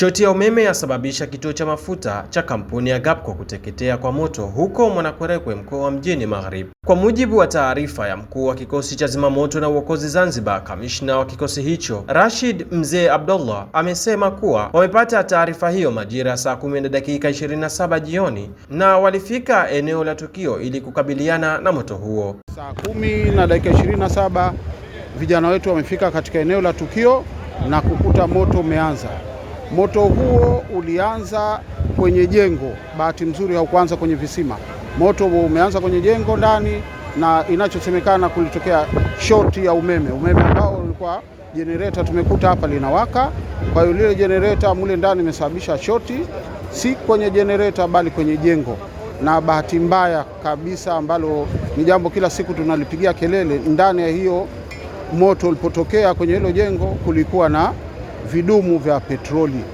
Shoti ya umeme yasababisha kituo cha mafuta cha kampuni ya Gapco kuteketea kwa moto huko Mwanakwerekwe mkoa wa Mjini Magharibi. Kwa mujibu wa taarifa ya mkuu wa kikosi cha zimamoto na uokozi Zanzibar, kamishna wa kikosi hicho Rashid Mzee Abdullah amesema kuwa wamepata taarifa hiyo majira saa kumi na dakika 27 jioni na walifika eneo la tukio ili kukabiliana na moto huo. Saa kumi na dakika 27 vijana wetu wamefika katika eneo la tukio na kukuta moto umeanza. Moto huo ulianza kwenye jengo, bahati nzuri haukuanza kwenye visima. Moto umeanza kwenye jengo ndani, na inachosemekana kulitokea shoti ya umeme, umeme ambao ulikuwa jenereta tumekuta hapa linawaka. Kwa hiyo lile jenereta mule ndani imesababisha shoti, si kwenye jenereta bali kwenye jengo, na bahati mbaya kabisa, ambalo ni jambo kila siku tunalipigia kelele, ndani ya hiyo moto ulipotokea kwenye hilo jengo kulikuwa na vidumu vya petroli.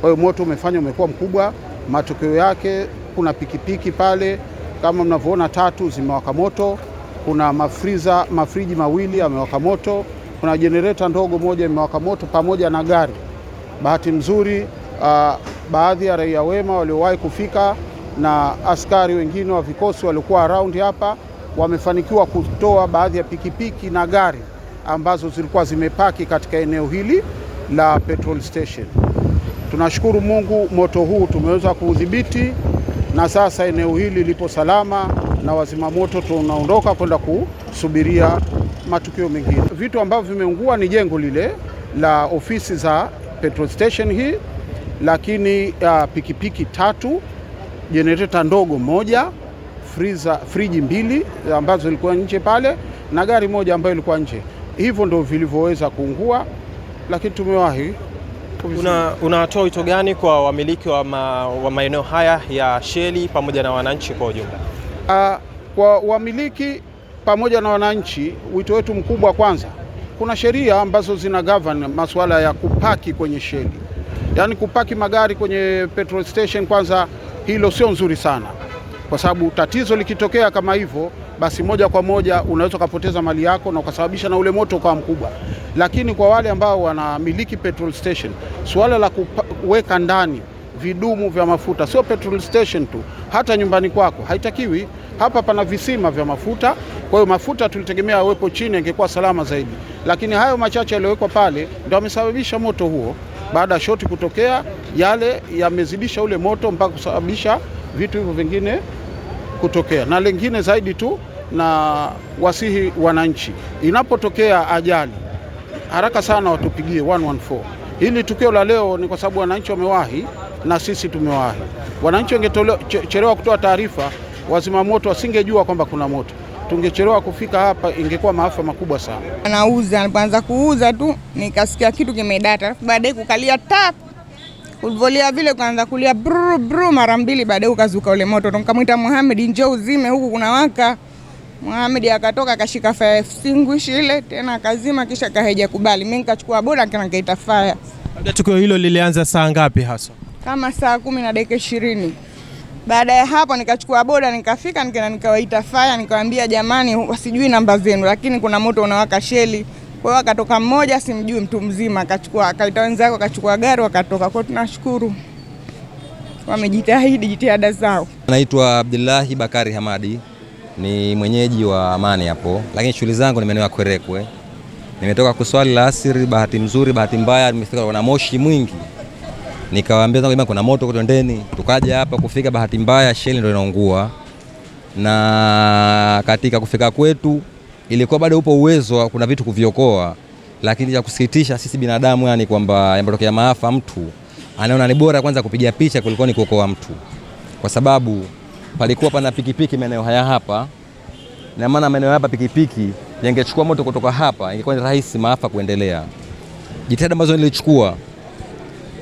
Kwa hiyo moto umefanya umekuwa mkubwa. Matokeo yake kuna pikipiki pale kama mnavyoona tatu zimewaka moto, kuna mafriza, mafriji mawili yamewaka moto, kuna jenereta ndogo moja imewaka moto pamoja na gari. Bahati nzuri uh, baadhi ya raia wema waliowahi kufika na askari wengine wa vikosi waliokuwa around hapa wamefanikiwa kutoa baadhi ya pikipiki na gari ambazo zilikuwa zimepaki katika eneo hili la petrol station. Tunashukuru Mungu, moto huu tumeweza kuudhibiti na sasa eneo hili lipo salama na wazima moto tunaondoka kwenda kusubiria matukio mengine. Vitu ambavyo vimeungua ni jengo lile la ofisi za petrol station hii, lakini uh, pikipiki tatu, jenereta ndogo moja, friza, friji mbili ambazo zilikuwa nje pale na gari moja ambayo ilikuwa nje. Hivyo ndio vilivyoweza kuungua lakini tumewahi. Unatoa wito gani kwa wamiliki wa, ma, wa maeneo haya ya sheli pamoja na wananchi kwa ujumla? Uh, kwa wamiliki pamoja na wananchi, wito wetu mkubwa kwanza, kuna sheria ambazo zina govern masuala ya kupaki kwenye sheli, yaani kupaki magari kwenye petrol station. Kwanza hilo sio nzuri sana, kwa sababu tatizo likitokea kama hivyo basi moja kwa moja unaweza ukapoteza mali yako na ukasababisha na ule moto ukawa mkubwa. Lakini kwa wale ambao wanamiliki petrol station, suala la kuweka ndani vidumu vya mafuta, sio petrol station tu, hata nyumbani kwako haitakiwi. Hapa pana visima vya mafuta, kwa hiyo mafuta tulitegemea yawepo chini, yangekuwa salama zaidi, lakini hayo machache yaliyowekwa pale ndio yamesababisha moto huo. Baada ya shoti kutokea, yale yamezidisha ule moto mpaka kusababisha vitu hivyo vingine kutokea, na lengine zaidi tu na wasihi wananchi, inapotokea ajali haraka sana watupigie 114. Hili tukio la leo ni kwa sababu wananchi wamewahi na sisi tumewahi. Wananchi wangechelewa kutoa taarifa, wazima moto wasingejua kwamba kuna moto, tungechelewa kufika hapa, ingekuwa maafa makubwa sana. Anauza, anaanza kuuza tu nikasikia kitu kimedata, baadaye kukalia tap Ulivolia vile kaanza kulia bru bru mara mbili, baadaye ukazuka ule moto. Tukamwita Muhammad, njoo uzime huku kuna waka. Muhammad akatoka akashika fire extinguish ile tena akazima, kisha kaheja kubali. Mimi nikachukua boda kana kaita fire. Tukio hilo lilianza saa ngapi hasa? Kama saa kumi na dakika ishirini. Baada ya hapo nikachukua boda nikafika, nikaenda nikawaita fire, nikawaambia jamani, sijui namba zenu, lakini kuna moto unawaka sheli kwa hiyo akatoka mmoja, simjui mtu mzima, akachukua akaita wenzake, akachukua gari wakatoka. Kwa hiyo tunashukuru wamejitahidi jitihada zao. Naitwa Abdullahi Bakari Hamadi, ni mwenyeji wa Amani hapo, lakini shughuli zangu ni maeneo ya Kwerekwe. Nimetoka kuswali la asiri, bahati mzuri, bahati mbaya nimefika na moshi mwingi, nikawaambia zangu kuna moto, twendeni. Tukaja hapa, kufika bahati mbaya sheli ndio inaungua, na katika kufika kwetu ilikuwa bado upo uwezo kuna vitu kuviokoa, lakini cha kusikitisha sisi binadamu yani kwamba yametokea maafa, mtu anaona ni bora kwanza kupiga picha kuliko ni kuokoa mtu, kwa sababu palikuwa pana pikipiki maeneo haya hapa, na maana maeneo hapa pikipiki yangechukua moto kutoka hapa, ingekuwa ni rahisi maafa kuendelea. Jitihada ambazo nilichukua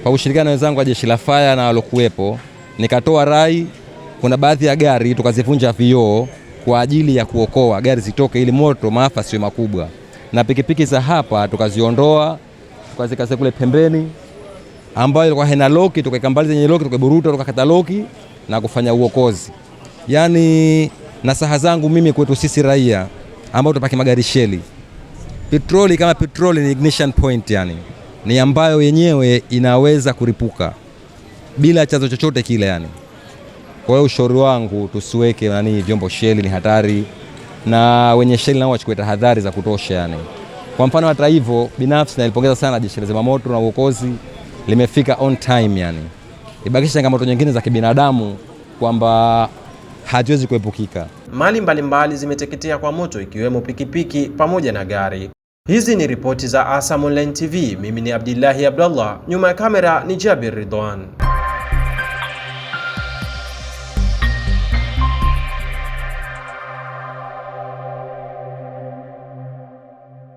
kwa ushirikiano wenzangu wa jeshi la faya na walokuwepo, nikatoa rai, kuna baadhi ya gari tukazivunja vioo kwa ajili ya kuokoa gari zitoke, ili moto maafa sio makubwa. Na pikipiki za hapa tukaziondoa tukazikaza kule pembeni, ambayo ilikuwa haina loki, tukaikambaliza zenye loki, tukaburuta tukakata loki na kufanya uokozi. Yani nasaha zangu mimi kwetu sisi raia ambao tupaki magari sheli, petroli kama petroli ni ignition point, yani ni ambayo yenyewe inaweza kuripuka bila chanzo chochote kile yani kwa hiyo ushauri wangu tusiweke nani vyombo sheli, ni hatari na wenye sheli nao wachukue tahadhari za kutosha yani. Kwa mfano hata hivyo, binafsi nalipongeza sana jeshi la zimamoto na uokozi limefika on time yani. Ibakisha changamoto nyingine za kibinadamu kwamba haziwezi kuepukika. Mali mbalimbali zimeteketea kwa moto ikiwemo pikipiki pamoja na gari. Hizi ni ripoti za ASAM Online TV. Mimi ni abdullahi Abdullah, nyuma ya kamera ni Jabir Ridwan.